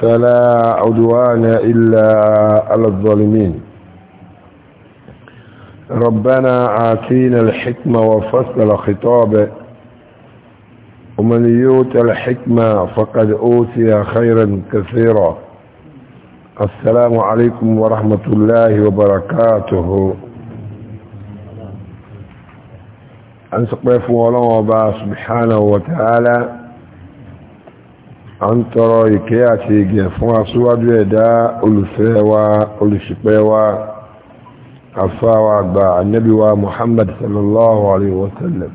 فلا عدوان إلا على الظالمين ربنا آتينا الحكمة وفصل خطابه ومن يوت الحكمة فقد أوتي خيرا كثيرا السلام عليكم ورحمة الله وبركاته أنسق بفو الله سبحانه وتعالى a ń tọrọ ìkẹ́ àti ìgẹ̀ fún aṣíwájú ẹ̀dá olùfẹ́ wa olùṣìpẹ̀ wa afáwa àgbà annabiwa muhammad sallallahu alaihi wasallam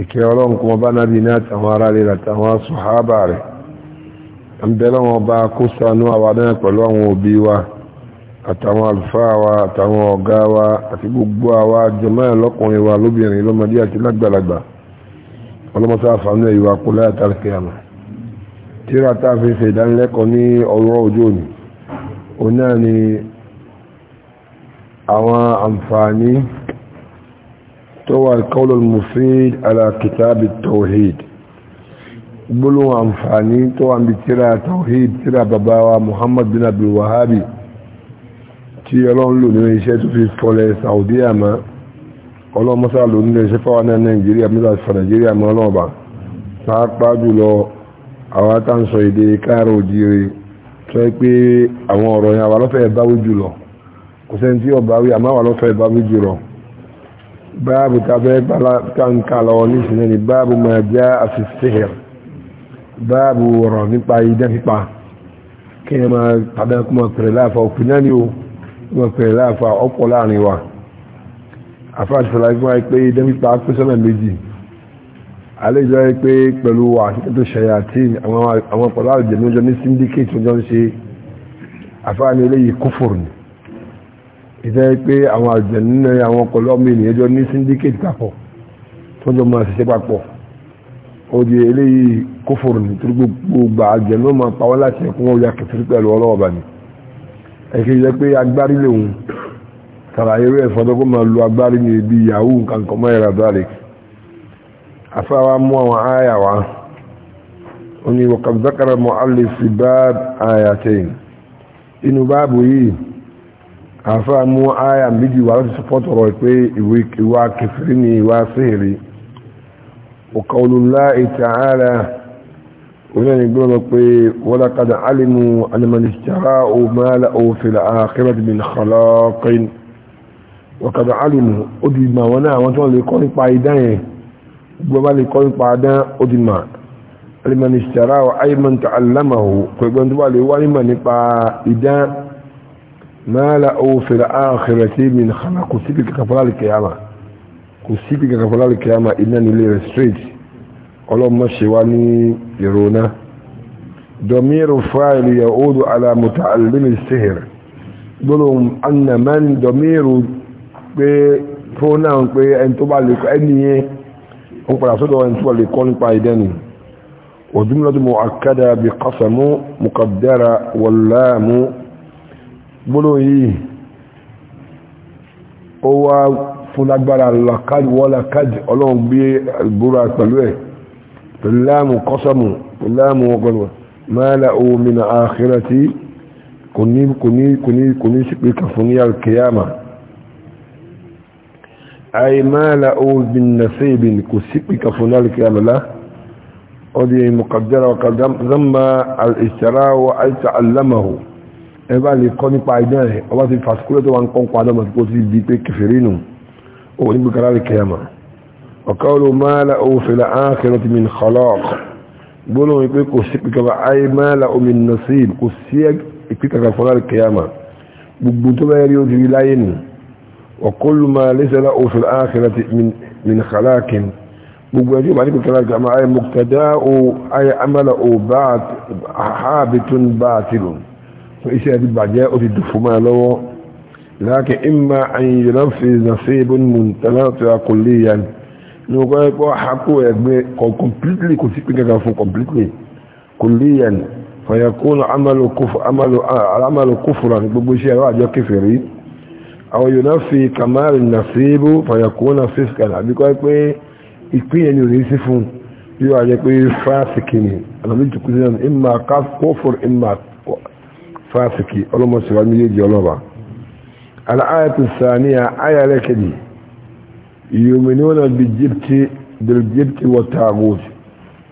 ìkẹ́ ọlọ́run kọmọ bá nábi náà tàwọn ará rẹ̀ àtàwọn sọ̀hábà rẹ̀ ń bẹ̀rẹ̀ wọn bá kó sanú àwa pẹ̀lú àwọn òbí wa àtàwọn àlùfáà wa àtàwọn ọ̀gá wa àti gbogbo àwa jàmáà lọ́kùnrin wa lóbìnrin lọ́mọdé àti lágbàlagbà ọlọ́mọsáfà náà ìwà kó láyàtàlẹ́kẹ́ àmà tíra tá a fi ṣe ìdánilẹ́kọ̀ọ́ ní ọ̀rọ̀ ojú òní òun náà ni àwọn àǹfààní tó wà kọ́lọ̀ mufid alakitabi tawhid gbólóhùn àǹfààní tó wà níbi tíra tawhid tíra bàbá wa muhammad bin abdul wahabi tí ọlọ́run lò nínú iṣẹ́ tó fi fọlẹ̀ saudi àmá ọlọ́run mọ́sá lò náà nàìjíríà mọ́sá fà nàìjíríà mọ́ ọlọ́run pàápàá jùlọ àwọn atánsọ èdè káàrọ̀ òjíire tó yẹ pé àwọn ọ̀rọ̀ yẹn àwọn alọ́fẹ́ báwí jùlọ kò sẹ́ni tí ọba wí àmọ́ àwọn alọ́fẹ́ báwí jùlọ báàbù tàbẹ́ gbàǹkà lọ ní ìsinmi ni báàbù máa já àfisihir báàbù ọ̀rọ̀ nípa idán pípa kí ẹ máa tàbí kó máa pèrè láàfà òpin náà ni ó máa pèrè láàfà ọ̀pọ̀ láàrin wa àfáàṣìfẹ́ lágbọ́n pé pípa pèsè méjì àlejò ẹ pé pẹ̀lú àṣíkẹ́tò ṣayatin àwọn pẹ̀lú àjẹ̀mọ́jọ ní syndicate tó jọ ń ṣe àfáàní eléyìí kúfùrù ní ìtẹ́ pé àwọn àjẹ̀nínà àwọn pẹ̀lú ọmọ ènìyàn jọ ní syndicate papọ̀ tó jọ máa ṣiṣẹ́ papọ̀ ó di eléyìí kúfùrù ní torí gbogbo àjẹ̀nínà máa pa wọ́n láti ẹ̀kún wọn ya kẹfìrí pẹ̀lú ọlọ́ọ̀bà ni ẹ̀kẹ́ jẹ́ pé agbárí lòun tàrà eré ẹ̀fọ́dọ́gbọ́n máa lo agbárí ní ibi yahoo أفاوى مو آية أني وقد ذكر المؤلف في باب آياتين إنه باب يي أفاوى مو آية بيجي وعلى سفوت رويكوي إيوا كفرني إيوا سهري وقول الله تعالى ولن يقولون ولقد علموا أن من اشتراه ما لأوا في الآخرة من خلاق وقد علموا أدي ما ونا وانتوا اللي يقولون بايدين gbọ́bálì kọ́ nípa dán odìmọ̀ alimanistara wa aiman ta'allamahu pẹ̀gbọ́n tó wà lè wáyé mọ̀ nípa ìdán mẹ́lá owó fèrè áàkìrẹ̀ tí mi nìkanà kò síbi kàkàfọ́lá lè kẹyàmà kò síbi kàkàfọ́lá lè kẹyàmà iná nílé rẹ̀ straight ọlọ́mọ ṣe wá ní ìrònà domiru fáìlì ya ódò alamùta alìmì sihir gbọ́nà annaman domiru pé pronoun pé ẹni tó bá lè kọ́ ẹni وقال صدوا أن تولي قول قائداني وجملة مؤكدة بقسم مقدرة واللام بلوي هو فلاgbara lakad wala kad ọlọ́run gbé ìbúra pẹ̀lú ẹ̀ pẹ̀lú láàmù kọ́sàmù láàmù ọgbọ̀nà mẹ́lẹ̀ omi أي ما لأو من نصيب كسبك فنالك يا ملا ودي مقدرة وقد ذم الاشتراء وأي تعلمه ẹbá lè kọ́ nípa ìdán ẹ̀ ọba ti fàṣíkúlẹ̀ tó wà ń kọ́nkọ́ adọ́mà tó ti di pé kìfèrí nù ó ní gbẹ̀kára lè kẹyàmà ọ̀ká olú máàlá ohun fèlà áàkẹrọ ti min khalaq gbóná wípé kò sí pìkàbà ayé máàlá omi nasib kò sí ìpìkàkà fọ́nà lè kẹyàmà gbogbo tó bá yẹrí ó ti rí láyé nù وكل ما ليس له في الآخرة من من خلاك بوجي ما لكم كلام جماعة مقتداء أي عمل أو بعد حابط باطل فإيش بعداء الدفما له لكن إما أن ينفذ نصيب منتنطع كليا نقول حقه يكبر completely كنت completely كليا فيكون عمل كفر عمل عمل كفرا بوجي واحد فريد àwọn yóò náà fi kamari nasibu fàyàkúnà fiskan àbíkọ́ pé ìpínyẹ ni ò ní sí fún yóò àjẹ́ pé fásitì ni alamíjì kú sínú ìmà kófòr ìmà fásitì ọlọ́mọsíwá méjèèjì ọlọ́ba aláàtì ayàlẹ́kẹ̀dì yòmìnira bìjìpti bìjìpti wọ́tàgùt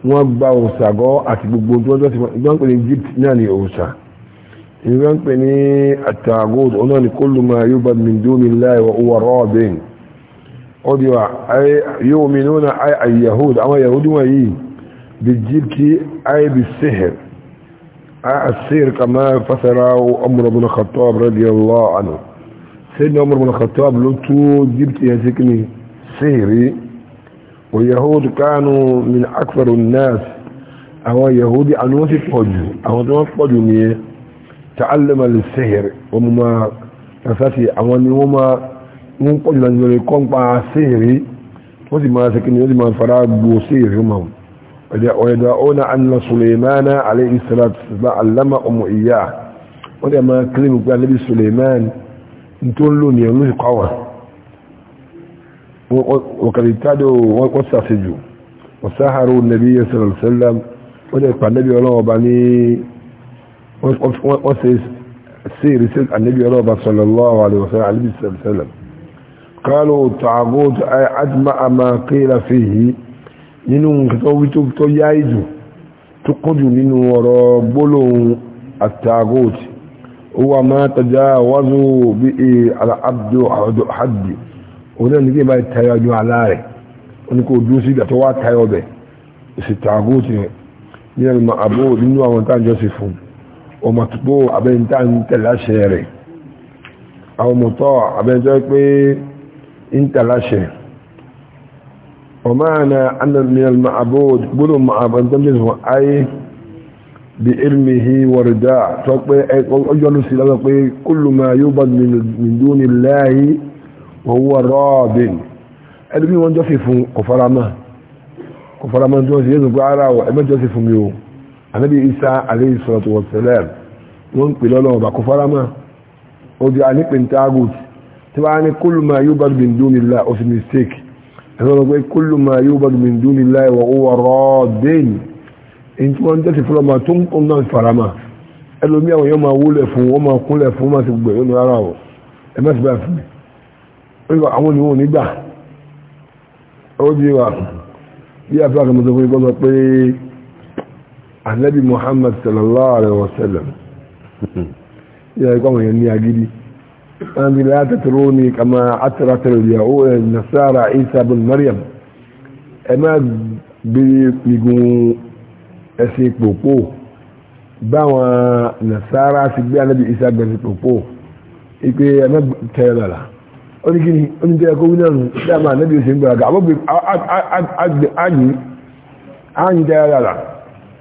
wọ́n gba òsàgọ́ àti wọ́n يبان بني يعني التعبود أنني كل ما يبد من دون الله وهو راب أدوا أي يؤمنون أي اليهود أما يهود وإيه بالجبك أي بالسحر أي السحر كما فسره أمر بن الخطاب رضي الله عنه سيدنا عمر بن الخطاب لتو جبت يسكني سحري واليهود كانوا من أكثر الناس أو يهودي أنوثي قدو أو دون قدو ميه تعلم السحر وما نفسي اواني وما wọn pọ̀ jùlọ jùlọ kọ́ ń pa síhìrí wọ́n sì máa sẹ́kìnì wọ́n sì máa fara gbò síhìrí ma ọ̀yẹ̀dà ọ̀nà anna suleimana alayhi salatu ba alama ọmọ iya wọ́n dẹ̀ máa kílìmù pé anábi suleiman tó ń lò ní ẹ̀rù sí kọ́wà nàbí sallallahu alaihi wasallam ọlọ́wọ́ bá ní wọ́n ṣe sí ìrísí ànábì ọlọ́ọ̀bá sallallahu alaihi wasallam alaihi sallam قالوا التعبود أجمع ما قيل فيه نينو كتوبتو كتو يايدو تقدو نينو وربولو التعبود هو ما تجاوزوا به العبد حد وده نجي باي تياجو على ونكو دوسي دا توا تياجو بي التعبود نينو المعبود نينو عمان تان جوسيفون ومطبوع أبين تأنت الأشهر أو مطاع أبين تأكبي انت الأشهر ومعنى أن من المعبود قلوا معبود تمجزه أي بعلمه ورداء أجل سلالة كل ما يوبد من دون الله وهو راب أدبي وانجفف قفرما قفرما جوزي يزبق على وإما جوزي فميوم anabi isa alayhi salatu wa salam wọn pè lọ́lọ́ ọba kò fara mọ́ ó di anípin tagut tí wọ́n á ní kúlù máa yóò bá gbìn dún nílá ó sì mistake ẹ̀rọ lọ pé kúlù máa yóò bá gbìn dún nílá ìwọ̀ ó wà rọ́ọ̀dẹ́n èyí tí wọ́n tẹ́sí fúnra máa tó ń kún náà fara mọ́ ẹlòmí àwọn yóò máa wúlẹ̀ fún wọn máa kúnlẹ̀ fún máa sì gbẹ̀ yóò ní ara ọ̀ ẹ má sì bá fún mi àwọn ni wọn ò ní ó di wa bí àfihàn kan mo sọ fún yín anabi muhammad sallallahu alaihi wasallam ya yi kwamon yanni a gidi an bi la ta turo ni kama atiratar yahuda nasara isa bin maryam ẹ má gbé igun ẹsìn pòpò báwọn nasara ti gbé anabi isa gbẹ̀sìn pòpò ipe ẹ má tẹ̀lé lọ́la ó ní kíni ó ní tẹ́lẹ̀ anabi ó sì ń gbọ́ra gà àbọ̀gbé àyìn tẹ́lẹ̀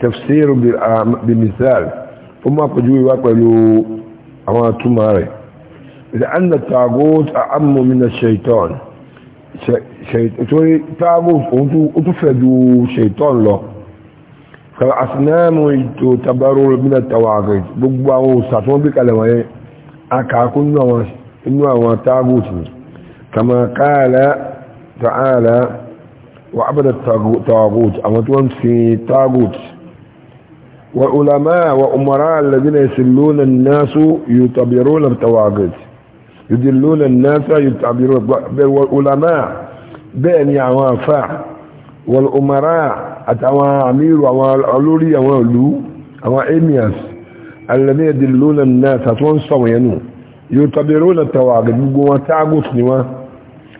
tafsir bimisal ó máa pẹ̀jú ìwá pẹ̀lú àwọn àtúmà rẹ̀ ìdáàndà tagot àmú mina shaitan torí tagot ó tún fẹ̀ ju shaitan lọ kàrà àsìnáàmù ètò tabaró mina tawagit gbogbo àwọn òsàtún bí kalẹ̀ wọ́n yẹn akàkú inú àwọn tagot ni kama kààlà ta'ala wa abada tagot àwọn tí wọ́n fi وعلماء وأمراء الذين يسلون الناس يتبرون التواقيت يدلون الناس يتبرون والعلماء بين يعوان فاع والأمراء أتعوان عمير وعوان علولي وعوان لو وعوان إمياس الذين يدلون الناس تنصوا ينو يتبرون التواقيت بقوة تعقص نوا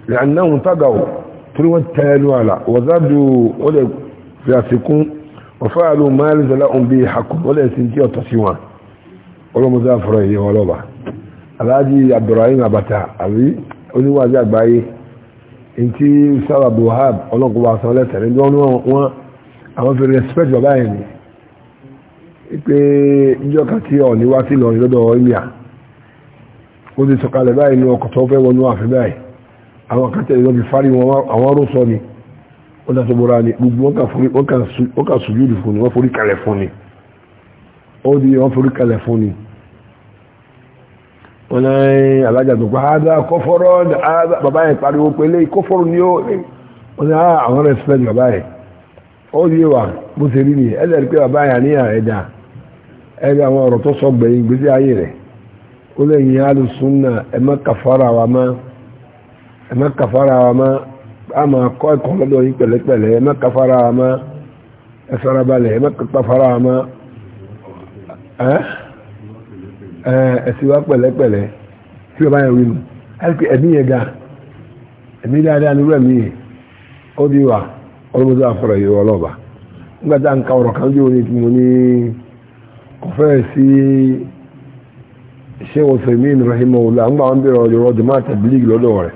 لأنهم تقوا تلوى التالوالة وزادوا ولا يفسقون وفعلوا ما ليس لهم به حق ولا سنتي وتصيوان ولا مزافر إليه ولا با الهادي عبد الرحيم أبتا أبي أولي واجه أبعي انتي سارة بوهاب ولا قبع صلاة لأنه هو àwọn fi respect bàbá yẹn ni pé ìjọ kan tí ọ̀ní wá sí lọ́rin lọ́dọ̀ ilẹ̀ ó ti sọ̀kalẹ̀ báyìí ní ọkọ̀ tó fẹ́ wọnú àfẹ́ báyìí àwọn kan tẹ̀lé fárí wọn àwọn rò ni wọ́n dáṣọ bọ́ra ni gbogbo wọ́n kà sùjúdù fún ni wọ́n forí kalẹ̀ fún ni ó di wọ́n forí kalẹ̀ fún ni wọ́n náà alájà tó kọ́ ádá kọ́fọ́rọ́ ádá bàbá yẹn pariwo pé lé kọ́fọ́rọ́ ni ó wọ́n náà àwọn respect bàbá yẹn ó di wa bó ṣe rí ni ẹ̀dá rí pé bàbá yẹn ní ẹ̀dá ẹ̀dá àwọn ọ̀rọ̀ tó sọ gbẹ̀yìn gbèsè ayé rẹ̀ ó lẹ́yìn alùsùn náà ẹ̀ má kàfàrà wa má ẹ̀ má kàfàrà wa má a ma kọ́ ẹ̀kọ́ lọ́dọ̀ yín pẹ̀lẹ́pẹ̀lẹ́ ẹ má káfárá àmá ẹ farabalẹ̀ ẹ má káfárá àmá tí o bá yẹ wí ẹ̀mí ga ẹ̀mí dáadáa ni ó ọlọ́mọdé àfọ̀rọ̀ yìí ọlọ́ba ka kan yóò ní tí ní kò sí ṣé wọ́n sọ ìmí ìnira ìmọ̀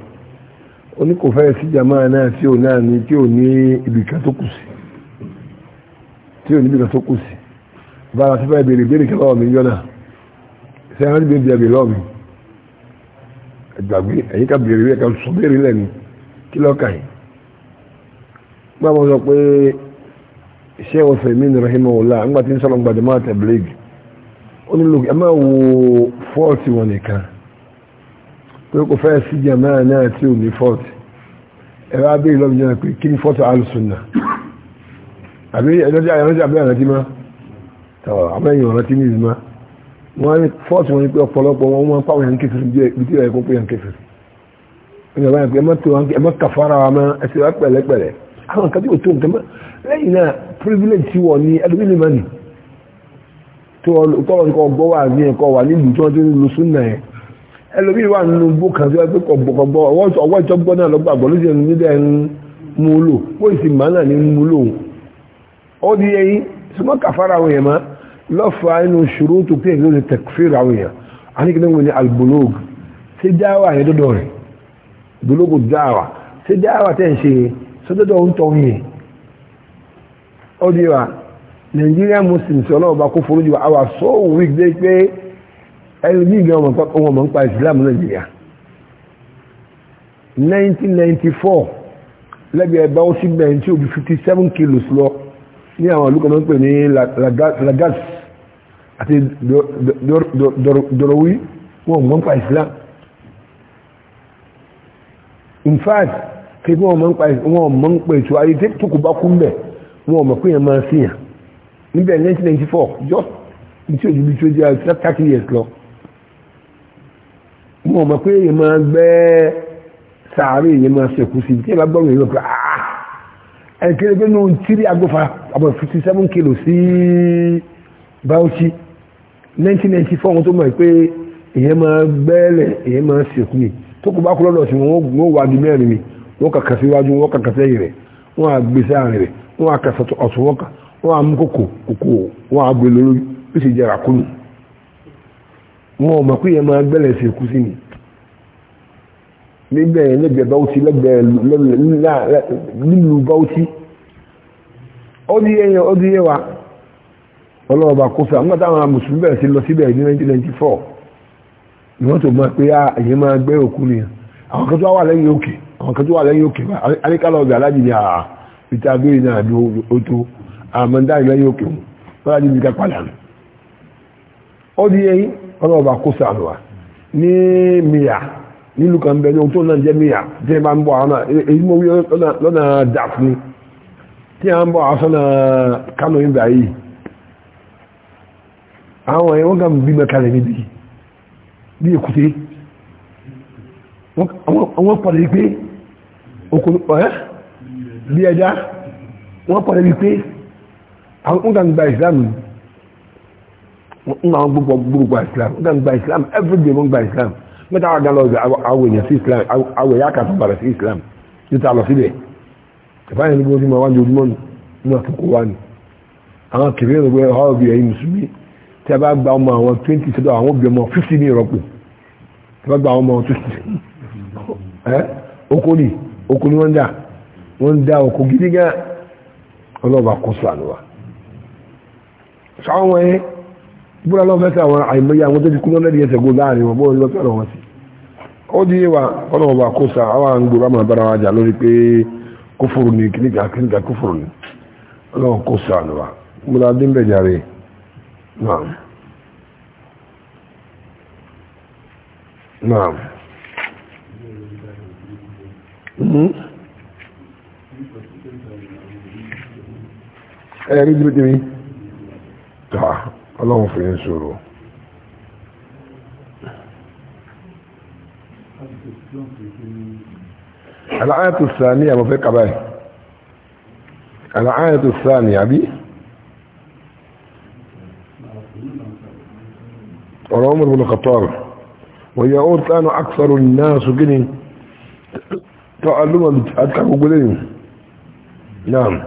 oní kò fẹ́ sí jamaa náà tí ò náà ní tí ò ní ibìkan tó kù sí tí ò ní ibìkan tó kù sí bára sí fẹ́ bèrè bèrè kẹlọ́ mi yọ́nà ṣe é rántí bèrè bèrè lọ́ọ̀ mi ẹgbàgbé ẹ̀yìn ká bèrè bèrè kan sọ bèrè lẹ́nu kí lọ́ọ́ kàn yín. gbà sọ pé ṣé o fẹ̀mí ní rahimahullah ńgbà tí ń sọ̀rọ̀ gbàdúmọ̀ tẹ̀blẹ́gì ó ní lókè ẹ pé kò fẹ́ sí jẹ̀mọ́ náà tí ò ní fọ́ọ̀tì ẹ̀rọ abẹ́ ìlọ́bí jẹ́ pé kí ní fọ́ọ̀tì alùsùnà àbí ẹ̀lọ́jà ẹ̀lọ́jà abẹ́ àrántí má tọ́ abẹ́yìn ọ̀rántí ní ìzìmá wọ́n ní fọ́ọ̀tì wọn ni pé ọ̀pọ̀lọpọ̀ wọn wọ́n pàwọn yàn kẹfìrì bí ibi tí ẹ̀kọ́ pé yàn kẹfìrì ẹ má kàfàrà wa mọ́ ẹ sì wá pẹ̀lẹ́pẹ̀lẹ́ àwọn nǹkan tí kò tó nǹkan mọ́ lẹ́yìn náà privilege ti wọ̀ ní ẹlòmínì mọ́nì tó ọlọ́kọ́ gbọ́ wà ní ẹ̀kọ́ wà nílùú tí wọ́n ti ń lu súnà yẹn ẹlòmí wà nínú gbó kan sí ọdún kọ̀gbọ̀kọ̀gbọ̀ ọwọ́ ìjọgbọ́ náà lọ́gbàgbọ́ ló ṣe nílẹ̀ ń mú lò ó sì máa náà ní mú lò ó di ẹyin súnmọ́ kàfàrà àwọn èèyàn máa lọ́fà inú ṣòro tó pé èèyàn lè tẹ̀kfìrì àwọn èèyàn a ní kíni wọn ni albolog ṣé dáwà yẹn dọ́dọ̀ rẹ̀ bologo dáwà ṣé dáwà tẹ̀ ń ṣe sọ́dọ̀dọ̀ ń tọ́ yẹn ó di wa Nigerian Muslims ọlọ́ọ̀bá kó forújú wa our soul week pé ẹni bí ìgbà ọmọ pápá wọn mọ̀ ń nàìjíríà 1994 lẹ́gbẹ̀ẹ́ ẹgbà ó sí bẹ̀rẹ̀ tí ó bí 57 kilos lọ ní àwọn olùkọ́ mọ́ pè ní lagas àti dọ̀rọ̀wí wọn mọ̀ ń Islam. in fact kí wọ́n mọ̀ ń pa wọn mọ̀ ń pè tó ayé tó kò bá kú mbẹ̀ wọn mọ̀ pé yẹn máa fihàn níbẹ̀ 1994 just ní tí ó ju bí tí ó jẹ́ 30 years lọ wọn mọ̀ pé èyí máa gbẹ́ sàárè èyí máa ṣẹ̀kú sí tí ah, ah. ẹ bá gbọ́rọ̀ èyí pé àá ẹ̀kẹ́rẹ́ pé nù tírí agbófa àbọ̀ 57 kìlò sí Bauchi 1994 wọn tó mọ̀ pé èyí máa gbẹ́lẹ̀ èyí máa ṣẹ̀kú ni tó kò bá kú lọ́dọ̀ sí wọn wọ́n wà ju mẹ́rin mi wọ́n kàkà síwájú wọ́n kàkà sẹ́yìn rẹ̀ wọ́n á gbé sáàrin rẹ̀ wọ́n á kàkà ọ̀tún wọ́n wọn ò mọ̀ pé yẹn máa gbẹ́lẹ̀ sí ikú sí ni nígbà yẹn lẹ́gbẹ̀ẹ́ báwùtí lẹ́gbẹ̀ẹ́ nílùú báwùtí ọdún yẹn yẹn ọdún yẹn wa ọlọ́ọ̀bà kó fẹ́ àwọn àtàwọn mùsùlùmí bẹ̀rẹ̀ sí lọ síbẹ̀ ní 1994 ni wọ́n tó ah, máa pé àyẹ́ máa gbẹ́ òkú ni àwọn kan tó wà lẹ́yìn òkè àwọn kan tó wà lẹ́yìn òkè alékálọ̀ ọ̀gbẹ̀ alájì ni ah, peter agbóyè náà ni ó tó àmọ́ndá ìlẹ́yìn òkè wọn láti ká padà ó di ẹyin kọ́lọ́ ọba kó sàánù wa ní mìyà nílùú kan bẹ ní ohun tó náà jẹ́ mìyà tí ẹ bá ń bọ̀ àwọn náà èyí mo wí lọ́nà dàf ni tí a ń bọ̀ àwọn sọ́nà kánò yín báyìí àwọn ẹ̀ wọ́n kàn bí mẹ́kalẹ̀ níbi bí èkúté wọ́n pàdé pé bí ẹja wọ́n pàdé pé àwọn kan gba ìsìlámù nínú àwọn gbogbo gbogbo islam ó dàn gba islam everyday wọ́n gba islam mẹ́ta wà dánlọ́ àwọ̀ èèyàn sí islam àwọ̀ èèyàn kà tó bàrẹ̀ sí islam yóò ta lọ síbẹ̀ ìfáyẹ̀ ní gbogbo wọn wájú ojúmọ́ ní àkókò wa ni àwọn kìrì ní gbogbo ọ̀họ́ bí ẹ̀yìn mùsùlùmí tí a bá gba ọmọ àwọn twenty sọ́dọ̀ àwọn obì ọmọ fifty ní ìrọ́pò tí a bá gba ọmọ twenty ẹ́ oko ni oko ni wọ́n dà wọ́n dà oko gidi gan ọlọ́ọ̀bà kọ́sọ̀ àlùwà sọ àwọn ẹ̀ búra lọ́wọ́ fẹ́ sí àwọn àìmọye àwọn tó ti kú lọ́lẹ́dì ẹsẹ̀ gbogbo láàrin wọn bóyá lọ́sẹ̀ wọn sí. ó di wa ọ̀nà kó sa àwọn bára wa jà lórí pé kófòrò ní kìnìkà kìnìkà kófòrò ní ọlọ́wọ́ kó sa àná wa múra dín bẹ̀ jàre naam naam. Hmm? اللهم في ń الآية الثانية فيك أباي الآية الثانية بي عمر بن الخطاب وهي كان أكثر الناس جني تعلما أتكاكو قليل نعم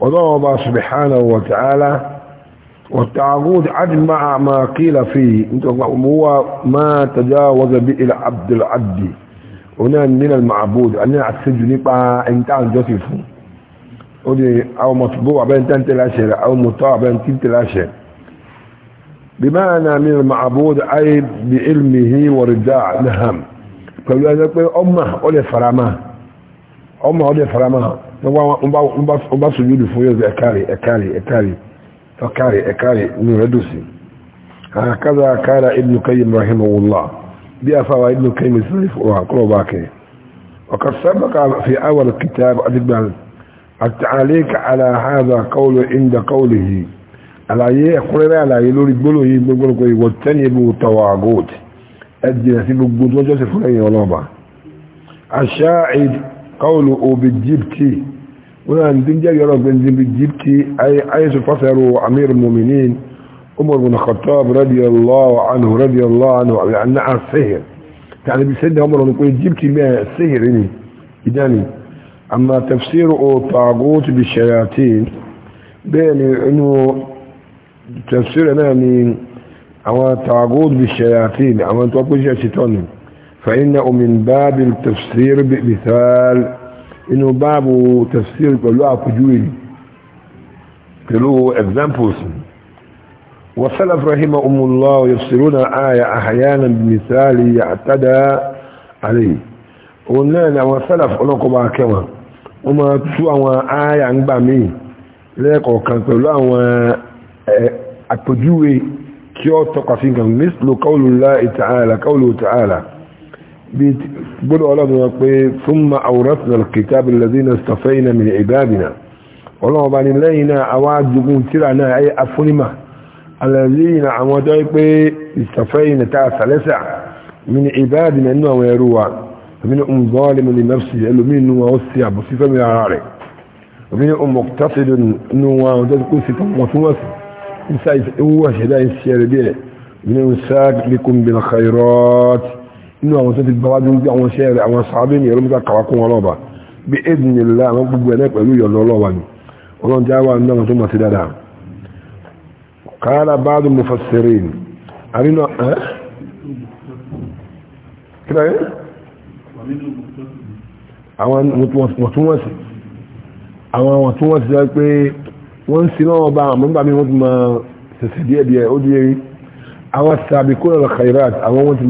وضع الله سبحانه وتعالى والتعاقد أجمع ما قيل فيه هو ما تجاوز به إلى عبد العبد هنا من المعبود أن السجن يبقى انتان جوسف أو مطبوع بين تنت الأشهر أو مطاع بين تنت الأشهر بمعنى من المعبود أي بعلمه ورداء لهم pẹ̀lú ẹni pé ọmọ ó lè farama ọmọ ó lè سجود wọ́n bá sojúdù fún yóò ẹ̀kárì ọkàrí ẹ̀kàrí ní rẹ̀dùsí àkàzà àkàrà ibn kayyim rahimahullah bí a fáwà ibn kayyim sirif wa kúrọ̀bá kẹ ọkà sábàkà fi awal kitab adigbal التعليق على هذا قول عند قوله àlàyé ẹ̀kúnrẹ́rẹ́ àlàyé lórí gbólò yìí gbogbo ìwọ̀tẹ́nìyàn tọwàgóòt ẹjìnà sí gbogbo tó jọ́sẹ̀ fún ẹ̀yìn ọlọ́ọ̀bà aṣáà ìd kọlù obi jíptì هنا ندنجا يرى بنزين بجيبتي أي عيسى فسر أمير المؤمنين عمر بن الخطاب رضي الله عنه رضي الله عنه لأنها السهر يعني بسيدنا عمر نقول جيبتي ما السهر يعني إداني أما تفسير طاغوت بالشياطين بين إنه تفسير يعني أما طاغوت بالشياطين أما توقف شيطان فإنه من باب التفسير بمثال inú báàbù tafsir pẹ̀lú àpèjúwe pẹ̀lú examples وسلف رحمهم الله يفسرون الآية أحيانا بمثال يعتدى عليه ونانا وسلف أنكم كما وما تسوى آية عن بامي ليكو كانت لها أتجوي كيو تقفين مثل قول الله تعالى قوله تعالى gbọ́dọ̀ ọlọ́run wọn pé thumma awrathna al-kitab alladhina istafayna min ibadina ọlọ́run bá ní lẹ́yìn náà àwọn ajogun tíra náà ayé afúnimà alladhina àwọn tó yẹ pé istafayna tá a sàlẹ́sà min ibadina nínú àwọn ẹrú wa min um zalimun li nafsihi ẹlòmí nínú wọn ó sì àbòsí fẹ́mi ara rẹ̀ min um muqtasidun nínú wọn ó dẹ́kun sí tọmọtúnwọ̀sì nísà ìwúwà ṣẹ̀dá ìṣẹ̀rẹ̀ díẹ̀ min um sabiqun bil khairat inú àwọn tó ti gbáwájú bí àwọn iṣẹ́ rẹ̀ àwọn sàábé ní ẹ̀rọ mẹ́ta kàwákún ọlọ́ọ̀bà bí éèdìn nílá àwọn gbogbo ẹ̀lẹ́ pẹ̀lú ìyọ̀nà ọlọ́wà ni ọlọ́run já wà nínú àwọn tó mọ̀ sí dáadáa kààlà báàdù mufassirin àrínà ẹ́ kíta yẹ́ àwọn wọ̀túnwọ̀sí àwọn wọ̀túnwọ̀sí jẹ́ pé wọ́n ń sin náà bá àwọn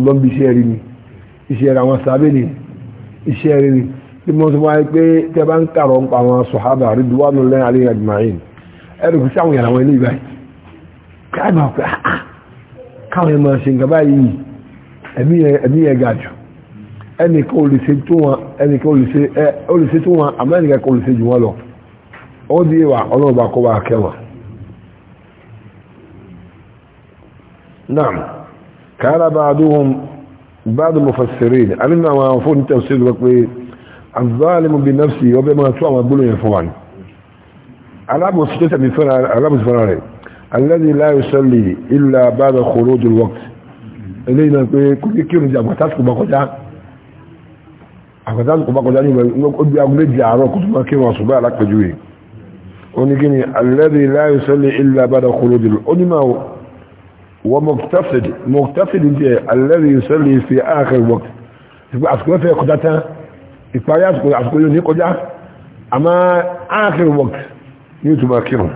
bá iṣẹ́ rẹ̀ àwọn sábẹ́ ni iṣẹ́ rẹ̀ ni bí mo sọ wáyé pé tẹ́ bá ń kàrọ̀ ń pa àwọn sọ̀hábà rí duwánu lẹ́yìn alẹ́ àjùmáyìn ẹ̀rù fi sáwọn yàrá wọn ilé ìbáyìí káàmà pé ah, ah, káwọn ẹ̀mọ̀ ṣe nǹkan báyìí ẹ̀mí ẹ̀ ga jù ẹnìkan ò lè ṣe tó wọn àmọ́ ẹnìkan kò lè ṣe jù wọn lọ ó di ìwà ọlọ́run bá kọ́ bá náà kára bá بعض المفسرين علمنا ما فون التفسير وقوي الظالم بنفسه وبما سوى ما بلو يفوان على مستجد من فرار على مستفرار الذي لا يصلي إلا بعد خروج الوقت إلينا كل كيلو جاب وتاسك بقجا أقدامك بقجا نقول أقلد جعرو كتبا كيما صباح لك بجوي ونقني الذي لا يصلي إلا بعد خروج الوقت ومقتصد مقتصد الذي يصلي في آخر وقت أسكوا في قدتا إفايا أسكوا أسكوا يوني قدتا أما آخر وقت يوتم أكيرهم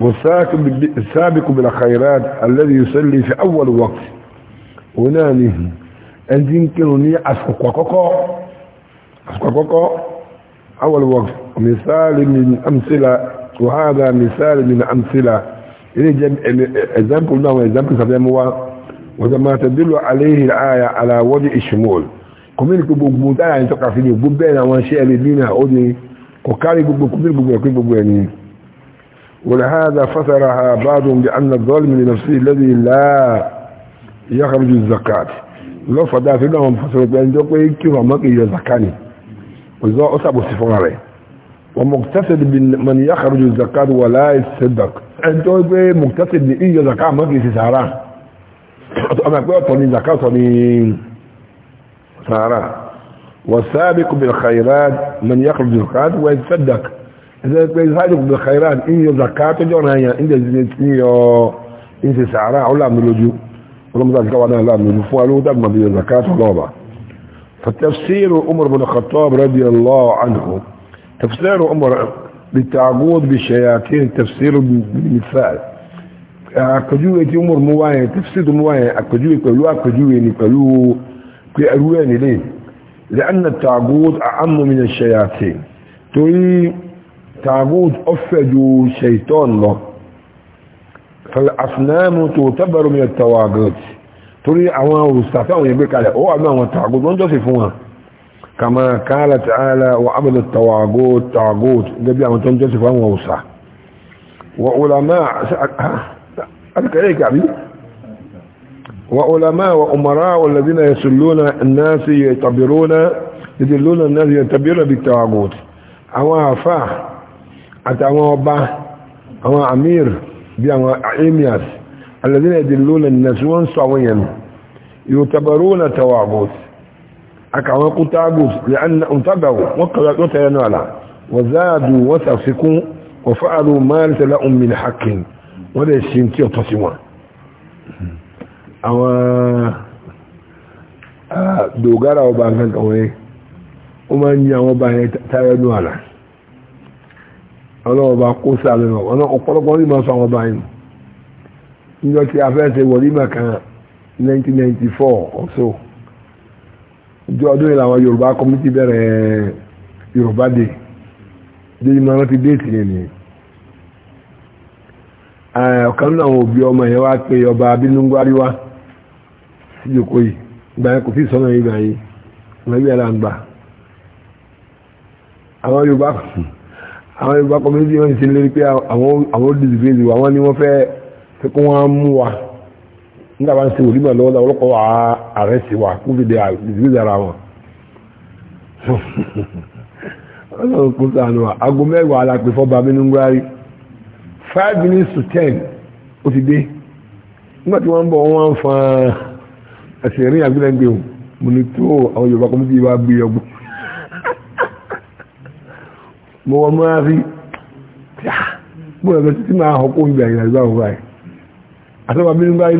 والسابق من الخيرات الذي يصلي في أول وقت ونانه ان كنوني أسكوا كوكو أسكوا كوكو أول وقت مثال من أمثلة وهذا مثال من أمثلة ilé jẹ́ example náà àwọn example sàfẹ́ mú wá wọ́n tó máa tẹ̀dúlù aléhìn ààyà aláwọ́dí ìṣmọ́l kòmínì pé gbogbo dára ní tọ́ka fi ní gbogbo bẹ́ẹ̀ àwọn iṣẹ́ ẹ̀rẹ́ bí náà ó ní kò kárí gbogbo kòmínì gbogbo ẹ̀kọ́ gbogbo ẹ̀ ní ولهذا فسرها بعضهم بأن الظالم لنفسه الذي لا يخرج الزكاة لو فدا في لهم فسروا بأن يقول كيف ما كي يزكاني وإذا أصابوا استفقاره ومقتصد من يخرج الزكاة ولا يصدق انت مقتصد ní iye zaka má kìí أنا أقول طني زكاة طني ni والسابق بالخيرات من يخرج الزكاة ويتصدق إذا سابق بالخيرات إن إيه زكاة جونايا إن زكاة إن سعراء ولا ملوجو ولم تذكر وانا لا ملوجو فوالو تقم بي زكاة الله فتفسير عمر بن الخطاب رضي الله عنه تفسير عمر للتعبود بالشياطين تفسير بالمثال àkójúwe tí umar mú wáyé tafsir mú wáyé àkójúwe pẹ̀lú àkójúwe ni pẹ̀lú pé ẹrú ẹ̀ nílé لأن التعبود أعم من الشياطين torí تعبود أفجوا شيطان lọ فالأصنام تعتبر من التواغيت torí àwọn òrùsàtàwọn ìgbékalẹ̀ ó wà ní àwọn تعبود wọ́n jọ́sìn fún wọn كما قال تعالى وعبد التواغوت تواغوت قبل أن فهم وموسى وعلماء أذكريك عبي وعلماء وأمراء الذين يسلون الناس يعتبرون يدلون الناس يعتبرون بالتواغوت أما فاح أما وباه أما أمير بأما إيمياس الذين يدلون الناس وانصوين يعتبرون تواغوت akàwọn kú tágùs ìtàgàwò wọ́n tẹ̀lé náà là wọ́n záàdù wọ́n sàfikún wọ́n fa'àlù máa tẹ̀lé omi ní hakin wọ́n lè ṣe tí ọ̀tọ́ sí wọn àwọn dogara ọba nǹkan kàwẹ́ ó máa ń yí àwọn ọba yẹn tẹ̀lé náà là ọlọ́ọba ọba yìí níjọ́ 1994 or so ìjọ ọdún yìí làwọn yorùbá kọ́mítì bẹ̀rẹ̀ yorùbá dé déyìí máa rántí déètì yẹn ni ọ̀kan nínú àwọn òbí ọmọ yẹn wá pé ọba abínúgbárí wá sí ìjòkó yìí ìgbà yẹn kò sí ìsọ́nà yìí gbà yìí ìgbà yìí là ń gbà àwọn yorùbá àwọn yorùbá kọ́mítì wọn ti lérí pé àwọn olùdíje àwọn ni wọ́n fẹ́ kó wọ́n mú wa nígbà bá ń ṣe wòlímọ̀ lọ́wọ́ náà ọlọ́kọ̀ wà á ààrẹ sí wa kó fi de ìdílé ara wọn. ọlọ́run kò sànù wa aago mẹ́wàá la pè fọ́ba mi ní ngbárí five minutes to ten ó ti dé nígbà tí wọ́n ń bọ̀ wọ́n fa ẹ̀sìn ìrìn àgbélẹ̀gbẹ̀ o mo ní tó àwọn yorùbá kọ́mí ti wá gbé ọgbọ́n mo wọ́n máa rí bóyá lọ títí máa hàn kó ń gbà ìrìn àgbà òun báyìí àtọ́wà mi ní ngbárí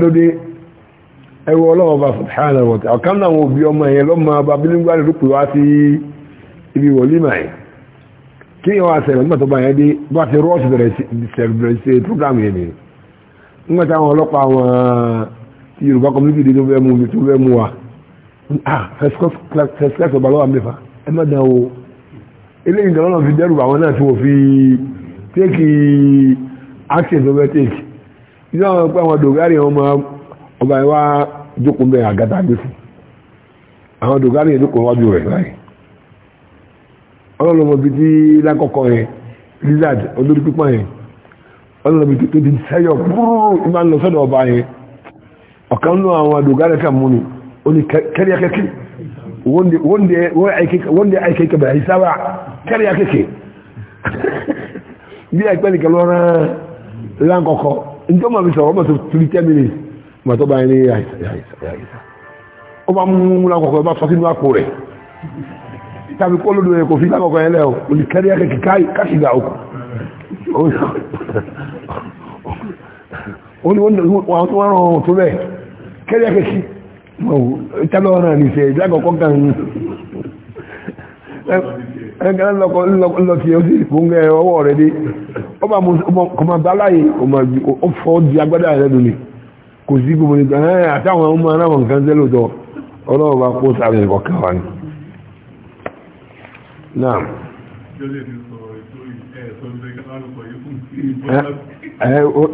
ẹwọ ọlọ́ọ̀bá subhanahu wa ta'ala ọ̀kan náà wọ́n bí ọmọ ẹ̀yẹ lọ́mọ ọba bílíngwárì rúpù wá sí ibi wọ̀límà ẹ̀ kí ni wọ́n sẹ̀rẹ̀ nígbà tó bá yẹn dé bá ti rọ́ọ̀sì bẹ̀rẹ̀ sí program yẹn ni nígbà táwọn ọlọ́pàá wọn ti yorùbá community dé tó fẹ́ mú mi tó fẹ́ mú wa ah first class ọba lọ́wọ́ àmì fa ẹ má dán o eléyìí ìdáná náà fi dẹ́rù àwọn náà tí wọ́n fi take action tó fẹ́ take ìdáná wọn pé àwọn dògárì wọn máa ọba yẹn wá jókòó mẹ́rin àgàtà gbé fún àwọn dògárì yẹn jókòó wájú rẹ̀ láyé ọlọ́lọ́mọbi tí lákọ̀ọ́kọ́ yẹn lizard olórí pípọ́n yẹn ọlọ́lọ́mọbi tó ti sẹ́yọ̀ búrú ìmá ń lọ sọ́dọ̀ ọba yẹn ọ̀kan nínú àwọn dògárì kan múni ó ní kẹ́ríakẹ́kẹ́ wọ́ndé àìkẹ́kẹ́ bẹ̀rẹ̀ ìsáwà kẹ́ríakẹ́kẹ́ bí àìpẹ́ nìkan lọ́rán láńkọ̀ọ́kọ́ ìjọ́mọ̀ mi sọ̀rọ̀ ọmọ tó 3 minutes ìgbà tó bá ní àìsà ó bá mú lákọ̀ọ́kọ́ bá fọ́sínú àpò rẹ̀ tàbí kó lódò ẹ̀kọ́ fi lákọ̀ọ́kọ́ ẹlẹ́ ò olùkẹ́rí akẹ́kì káṣìgà òkú ó ní wọ́n tó wọ́n rán tó bẹ́ẹ̀ kẹ́rí akẹ́kì tẹ́lọ́ náà ní sẹ́ ìdákọ̀ọ́kọ́ gan ẹgbẹ́ lọ́kì ó sì fúngẹ́ ọwọ́ rẹ̀ dé ó bá mú kọmọ bá láyé ó fọ́ di agbádá rẹ̀ lónìí kò sí gbogbo nígbà náà àtàwọn ọmọ aláwọ̀ nǹkan tẹ́lò tọ́ ọlọ́wọ́ bá kó sáré ẹ̀kọ́ kẹwàá ni náà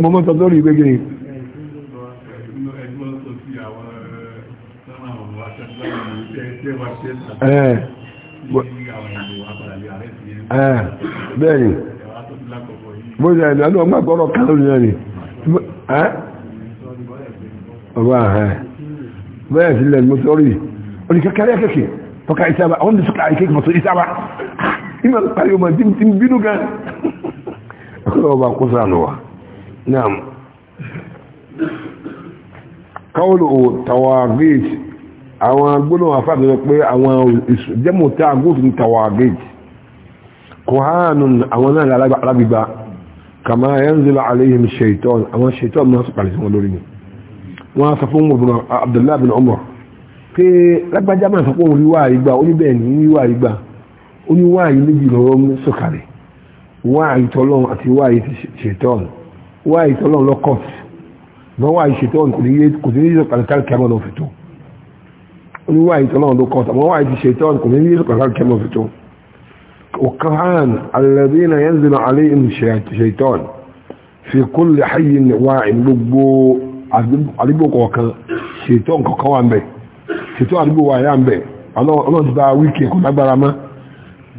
mo mọ́ sọ lórí ìgbé gíní bẹ́ẹ̀ni bó ṣe ẹ̀dọ́ ọgbà gbọ́rọ̀ kan lórí náà ni ọba ahẹ́ bẹ́ẹ̀ sílẹ̀ mo sọ́rí orí kẹkẹrẹ kẹkẹ tọ́ka ìsába àwọn ní sọ́ka ìkẹ́kẹ́ mọ̀tò ìsába ìmọ̀ parí ọmọ tí tí bínú gan ọba kó sànù wa náà kọ́ọ̀lù tawagit àwọn gbóná àfáàbí rẹ pé àwọn jẹ́mù tá a gófin tawagit kòhánùn àwọn náà lágbàgbà kàmá yẹn zílọ àléhìn ṣètọ́ àwọn ṣètọ́ mọ́ sọ̀kàlẹ̀ sí wọn lórí ni wọ́n sọ fún ọmọ abdullahi bin umar pé lágbájá máa sọ fún òun wíwá àyígbà oníbẹ̀ẹ̀ ní wíwá àyígbà oníwá àyí méjì lọ́rọ́ mú sọ̀kàrẹ̀ wá àyí tọ́lọ́run àti wá àyí ṣètọ́ọ̀nù wá àyí tọ́lọ́run lọ́kọ̀t mọ́ wá àyí ṣètọ́ọ̀nù kò ní yé sọ̀kàrẹ̀ tàbí kẹ́mọ́ lọ fìtó oníwá àyí tọ́lọ́run lọ́kọ̀t àmọ́ wá àyí ṣètọ́ọ̀nù الذين ينزل عليهم الشيطان في كل حي واعي gbogbo àdúgbò kọ̀ọ̀kan ṣètò nǹkan wà ń bẹ̀ ṣètò àdúgbò wà yà ń bẹ̀ ọlọ́run ti bá wíkì kò lágbára mọ́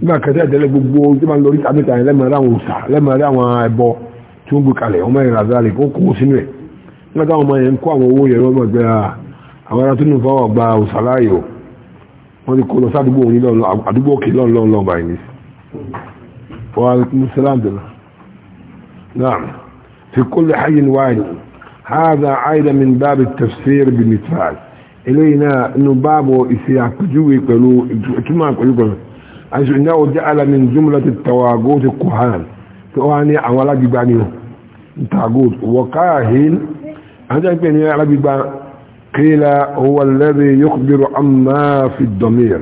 nígbà kẹta ìtẹ́lẹ̀ gbogbo tí máa ń lórí àmìta yẹn lẹ́mọ̀ọ́rẹ́ àwọn òòṣà lẹ́mọ̀ọ́rẹ́ àwọn ẹbọ tí ó ń gbé kalẹ̀ ọmọ ìrìn àzá rẹ̀ kó kó sínú ẹ̀ nígbà táwọn ọmọ yẹn ń kó àwọn owó yẹn lọ́mọ gbé ah, àwọn ará tó nù fáwọn ọgbà òòṣà láàyè ti kó lọ sádùúgbò òní àdúgbò òkè lọ́nlọ́nlọ́ báyìí ní. wàhálà mùsùlùmí náà fi kó lè háyé ni wáyé هذا عيدا من باب التفسير بالمثال إلينا أنه بابه إسياق جوي قالوا كما قالوا حيث إنه جعل من جملة التواغوت الكهان تواني أولا جبانيه التواغوت وقاهل هذا يبين يا عربي قيل هو الذي يخبر عما في الضمير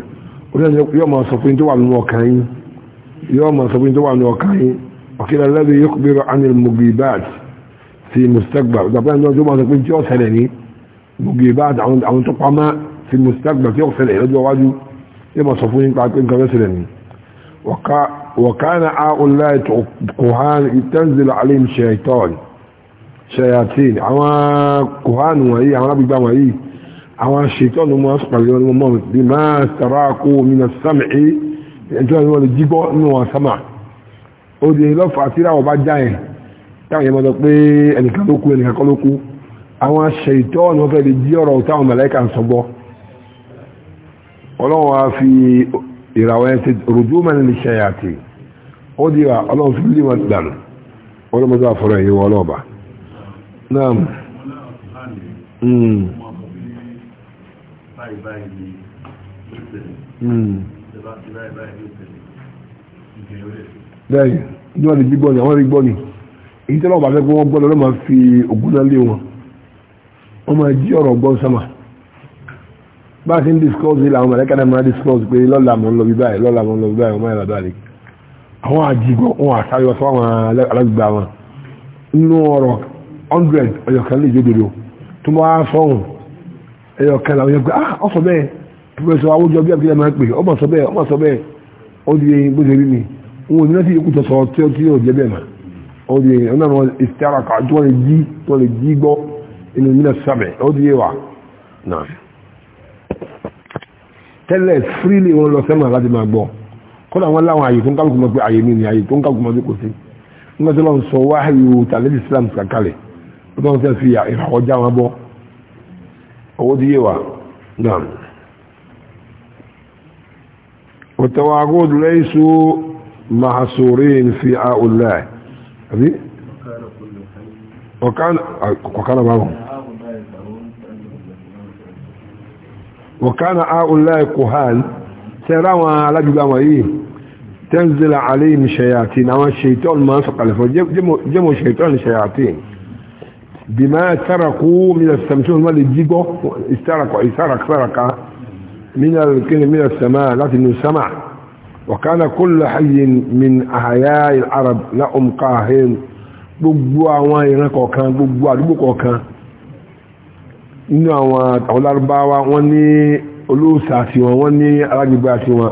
يوم صفين توع الوكاين يوم صفين توع الوكاين وقيل الذي يخبر عن المجيبات في المستقبل ده بقى جو ما تكون جو سنني بوجي بعد عن عن تقما في المستقبل يغسل الى واجو يبقى صفوين قاعد كان مثلا وكا وكان الله الكهان تنزل عليهم شيطان شياطين اوا كهان وهي اوا بيبا وهي اوا شيطان وما اسقل يوم بما تراكوا من السمع انتوا اللي جيبوا انه سمع ودي لو فاتيرا وبجاي táwọn yẹn mọ́ lọ pé ẹnìkan ló kú ẹnìkan kọ́ ló kú àwọn aṣẹ ìtọ́ ọ̀nà fẹ́ lè jí ọ̀rọ̀ táwọn mẹ̀lẹ́kà ń sọ bọ́ ọlọ́run á fi ìràwọ̀ ẹ̀ ṣe rojú mẹ́rin lè ṣe àti ó di wa ọlọ́run fi lè wọn dànù ọlọ́mọdé àfọ̀rọ̀ èyí wọ ọlọ́ọ̀bà náà hmm. hmm. bẹ́ẹ̀ ni wọ́n lè jí ni àwọn lè gbọ́ ni èyí tí wọ́n bá fẹ́ kó wọ́n gbọ́dọ̀ lọ́mọ fi ògùn náà lé wọn wọ́n máa jí ọ̀rọ̀ gbọ́n sọ́mà bá a ti ń discourse ilé àwọn mọ̀lẹ́kà náà máa discourse pé lọ́la mọ̀ ń lọ bí báyìí lọ́la mọ̀ ń lọ bí báyìí wọ́n máa yàrá dáadé àwọn àjìgbọ́ wọn àtàrí wọn sọ́wọ́n alágbègbè àwọn nínú ọ̀rọ̀ hundred ọ̀yọ̀kan lè jẹ́ dodo tó máa sọ́hùn ẹ̀yọ̀kan làwọn yẹn pé ah ọ̀sọ̀ bẹ́ẹ̀ pẹ̀lú àwùjọ bí abúlé máa ń pè ọmọ sọ bẹ́ẹ̀ ọmọ sọ bẹ́ẹ̀ ó di bó ṣe rí ni òun ò ní láti ikú tọ̀sọ̀ tí ó jẹ́ bẹ́ẹ̀ máa ó di èyàn náà wọ́n istaraka tí wọ́n lè jí tó lè jí gbọ́ inú mílẹ̀ sábẹ̀ ó di èwà náà tẹ́lẹ̀ fírílì wọn lọ sẹ́mà láti máa gbọ́ kọ́nà wọn láwọn àyè tó ń kálukú mọ́ pé àyè mi ni àyè tó ń kálukú mọ́ pé kò sí nígbà tó lọ́n sọ wáhàyò tàlẹ́bí islam kàkálẹ̀ ó tọ́ sẹ́ fi ìràwọ̀ já wọn bọ́ owó di èwà náà والتواجد ليسوا محصورين في هؤلاء أبي وكان وكان معهم وكان هؤلاء كهان ترى على جبامه تنزل عليهم شياطين أما الشيطان ما فقال فجموا جمو شيطان شياطين بما تركوا من السمسون ما جيبو استركوا استرك سرك من من السماء لكن السماء وكان كل حي من أحياء العرب لهم قاهر gbogbo àwọn ìran kọ̀ọ̀kan gbogbo àdúgbò kọ̀ọ̀kan nínú àwọn àwọlárúbáwá wọ́n ní olóòsà àti wọn wọ́n ní alágbègbè àti wọn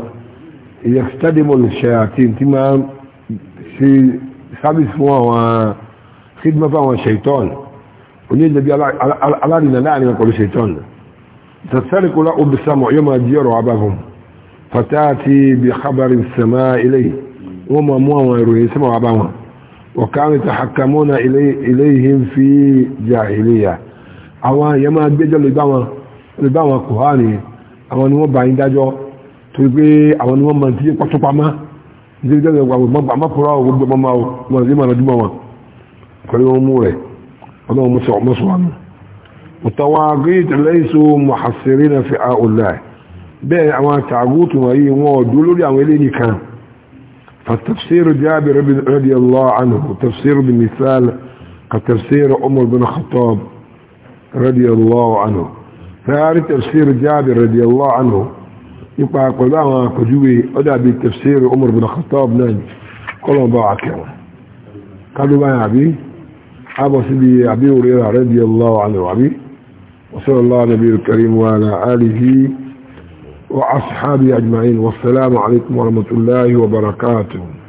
ìyẹ̀kítàdémọ̀lù ṣe àti tí máa ṣe sábìsì fún àwọn sídìmọ́ fún àwọn ṣèitọ́n oníjẹ̀bí alárìnà láàrin pẹ̀lú ṣèitọ́n فتاتي بخبر السماء اليه وما مو يروي سما وباوا وكانوا يتحكمون إلي اليهم في جاهليه àwọn èèyàn máa gbẹ́jọ́ lè bá wọn kò hàn ní àwọn ni wọ́n bá yí dájọ́ tó gbé àwọn ni wọ́n máa tí pọ́ tó pamá nígbẹ́ ìjọba ìgbàgbọ́ mọ́pùrá gbogbo ọmọ wọn sí màá dúmọ̀ wọn pẹ̀lú wọn mú rẹ̀ ọlọ́run mọ́sọ̀wọ́nù mutawaagit laysu muhassirina fi àùláì bẹ́ẹ̀ àwọn tàgútù wọ̀nyí wọn ò dúró lórí àwọn eléyìí kan فتفسير جابر رضي الله عنه تفسير بمثال كتفسير عمر بن الخطاب رضي الله عنه فهذا تفسير جابر رضي الله عنه يبقى قلنا كجوي أدى بتفسير عمر بن الخطاب نان قلنا باعك قالوا ما أبي أبو سيدي أبي هريرة رضي الله عنه أبي وصلى الله على النبي الكريم وعلى آله وأصحابي أجمعين والسلام عليكم ورحمة الله وبركاته